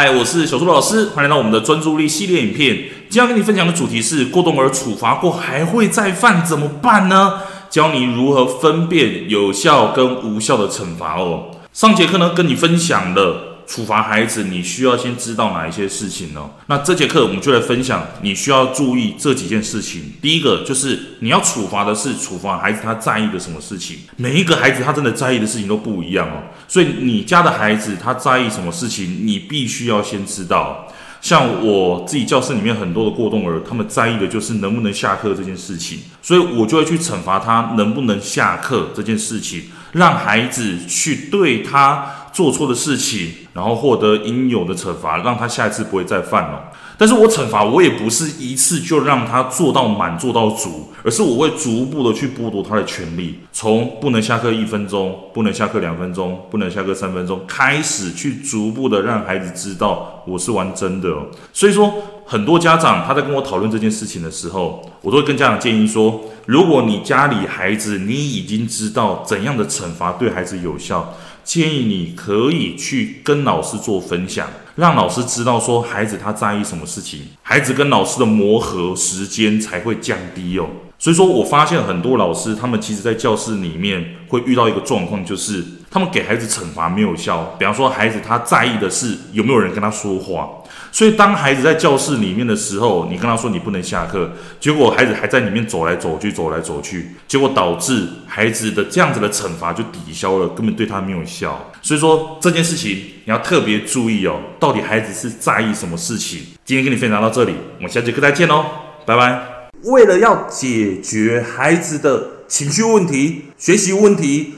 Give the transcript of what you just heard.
嗨，Hi, 我是小朱老師，歡迎來到我們的專注力系列影片。今天要跟你分享的主題是：過動兒處罰過還會再犯，怎麼辦呢？教你如何分辨有效跟無效的懲罰哦。上節課呢，跟你分享了，處罰孩子，你需要先知道哪一些事情呢？那這節課我們就來分享，你需要注意這幾件事情。第一個就是你要處罰的是處罰孩子他在意的什麼事情。每一個孩子他真的在意的事情都不一樣哦，所以你家的孩子他在意什麼事情，你必須要先知道。像我自己教室裡面很多的過動兒，他們在意的就是能不能下課這件事情，所以我就會去懲罰他能不能下課這件事情，讓孩子去對他。做錯的事情，然後獲得應有的懲罰，讓他下一次不會再犯了。但是我懲罰，我也不是一次就讓他做到滿做到足，而是我會逐步的去剝奪他的權利，從不能下課一分鐘，不能下課兩分鐘，不能下課三分鐘開始，去逐步的讓孩子知道我是玩真的哦。所以說，很多家長他在跟我討論這件事情的時候，我都會跟家長建議說：如果你家裡孩子，你已經知道怎樣的懲罰對孩子有效，建議你可以去跟老師做分享，讓老師知道說孩子他在意什麼事情，孩子跟老師的磨合時間才會降低哦。所以說我發現很多老師，他們其實在教室裡面會遇到一個狀況，就是。他們給孩子懲罰沒有效，比方說孩子他在意的是有沒有人跟他說話，所以當孩子在教室裡面的時候，你跟他說你不能下課，結果孩子還在裡面走來走去，走來走去，結果導致孩子的這樣子的懲罰就抵消了，根本對他沒有效。所以說這件事情你要特別注意哦，到底孩子是在意什麼事情？今天跟你分享到這裡，我們下節課再見嘍，拜拜。為了要解決孩子的情緒問題、學習問題。